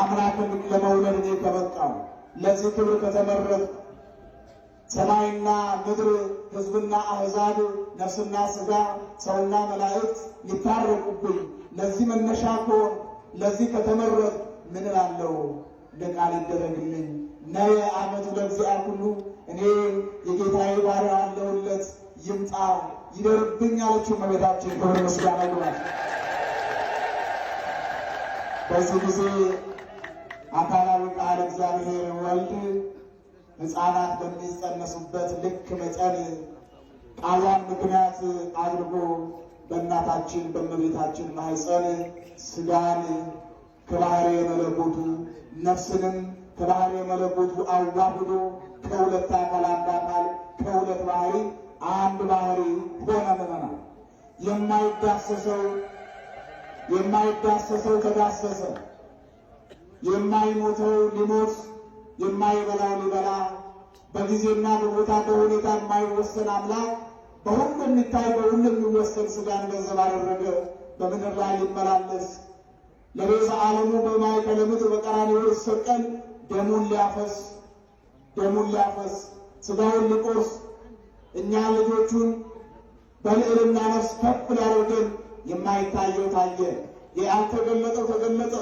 አምላክን ለመውለድ እኔ ተበቃሁ። ለዚህ ክብር ከተመረጥ ሰማይና ምድር፣ ሕዝብና አሕዛብ፣ ነፍስና ሥጋ፣ ሰውና መላእክት ሊታረቁብኝ ለዚህ መነሻ ከሆን ለዚህ ከተመረጥ ምን እላለሁ? እንደ ቃል ይደረግልኝ። ነየ አመቱ ለእግዚአብሔር ሁሉ እኔ የጌታዬ ባሪያ አለሁለት ይምጣ ይደርብኝ አለችው እመቤታችን። ክብር ምስጋና ይግባል። በዚህ ጊዜ አካላዊ ቃል እግዚአብሔር ወልድ ሕፃናት በሚጸነሱበት ልክ መጠን ቃሏን ምክንያት አድርጎ በእናታችን በእመቤታችን ማኅፀን ስጋን ከባህር የመለኮቱ ነፍስንም ከባህር የመለኮቱ አዋህዶ ከሁለት አካል አንድ አካል ከሁለት ባህሪ አንድ ባህሪ ሆነ። ምመና የማይዳሰሰው የማይዳሰሰው ተዳሰሰ። የማይሞተው ሊሞት የማይበላው ሊበላ በጊዜና በቦታ በሁኔታ የማይወሰን አምላክ በሁሉ የሚታይ በሁሉ የሚወሰን ስጋ ገንዘብ አደረገ። በምድር ላይ ሊመላለስ ለቤዛ ዓለሙ በማዕከለ ምድር በቀራንዮ ሊሰቀል ደሙን ሊያፈስ ደሙን ሊያፈስ ስጋውን ሊቆርስ እኛ ልጆቹን በልዕልና ነፍስ ከፍ ሊያደርገን የማይታየው ታየ። ያልተገለጠው ተገመጠ፣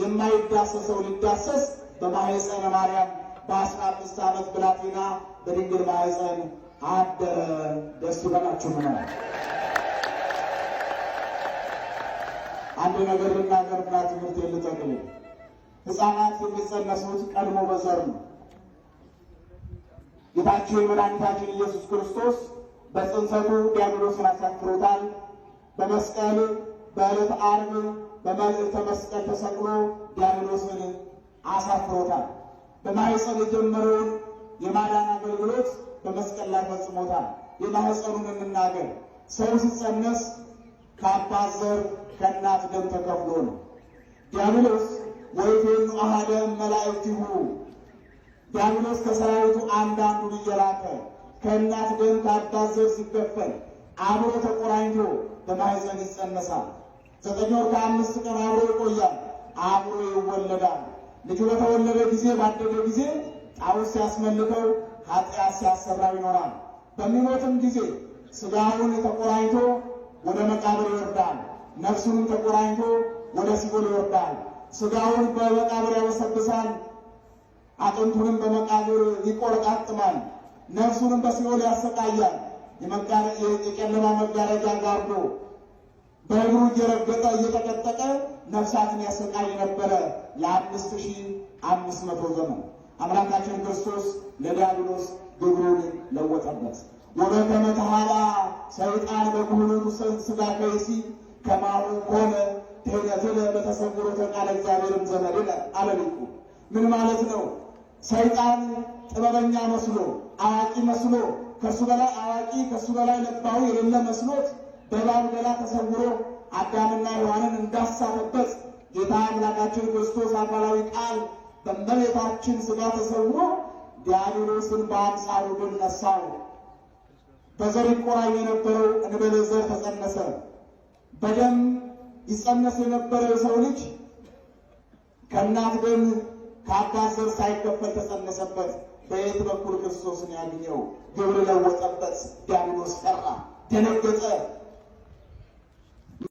የማይዳሰሰው ሊዳሰስ በማህፀነ ማርያም በአስራ አምስት ዓመት ብላቴና በድንግል ማህፀን አደረ። ደስ ይበላችሁ። ምና አንድ ነገር ልናገርና ትምህርት የልጠቅሙ ህፃናት የሚጸነሱት ቀድሞ በዘር ነው። ጌታችን የመድኃኒታችን ኢየሱስ ክርስቶስ በጽንሰቱ ዲያብሎስን አሳክሮታል። በመስቀል ባለት ዓርብ በመልዕልተ መስቀል ተሰቅሎ ዲያብሎስን አሳፍሮታል። በማኅፀን የጀመረውን የማዳን አገልግሎት በመስቀል ላይ ፈጽሞታል። የማኅፀኑን የምናገር ሰው ሲጸነስ ከአባት ዘር ከእናት ደም ተከፍሎ ነው። ዲያብሎስ ወይቴኑ አሃደ መላእክቲሁ ዲያብሎስ ከሰራዊቱ አንዳንዱን እየላከ ከእናት ደም ከአባት ዘር ሲከፈል አብሮ ተቆራኝቶ በማኅፀን ይጸነሳል። ዘጠኝ ወር ከአምስት ቀን አብሮ ይቆያል፣ አብሮ ይወለዳል። ልጁ በተወለደ ጊዜ ባደገ ጊዜ ጣዖት ሲያስመልከው ኃጢአት ሲያሰራው ይኖራል። በሚሞትም ጊዜ ስጋውን ተቆራኝቶ ወደ መቃብር ይወርዳል፣ ነፍሱንም ተቆራኝቶ ወደ ሲኦል ይወርዳል። ስጋውን በመቃብር ያበሰብሳል፣ አጥንቱንም በመቃብር ይቆረጣጥማል፣ ነፍሱንም በሲኦል ያሰቃያል። የጨለማ መጋረጃ ጋርዶ በእግሩ እየረገጠ እየጠቀጠቀ ነፍሳትን ያሰቃይ ነበረ ለአምስት ሺ አምስት መቶ ዘመን። አምላካችን ክርስቶስ ለዲያብሎስ ግብሩን ለወጠበት። ወበከመ ተኋላ ሰይጣን በኩነቱ ስጋ ከይሲ ከማሩ ሆነ ክህነትነ በተሰውሮ ተቃለ እግዚአብሔርም ዘመድነ አለሊቁ ምን ማለት ነው? ሰይጣን ጥበበኛ መስሎ አዋቂ መስሎ ከሱ በላይ አዋቂ ከሱ በላይ ለባዊ የሌለ መስሎት በእባብ ገላ ተሰውሮ አዳምና ሔዋንን እንዳሳተበት ጌታ አምላካችን ክርስቶስ አካላዊ ቃል በመሬታችን ስጋ ተሰውሮ ዲያብሎስን በአንጻሩ ግን ነሳው። በዘር ይቆራኝ የነበረው እንበለ ዘር ተጸነሰ። በደም ይጸነስ የነበረው የሰው ልጅ ከእናት ደም ከአባት ዘር ሳይከፈል ተጸነሰበት። በየት በኩል ክርስቶስን ያግኘው? ግብር ለወጠበት፣ ዲያብሎስ ፈራ፣ ደነገጠ።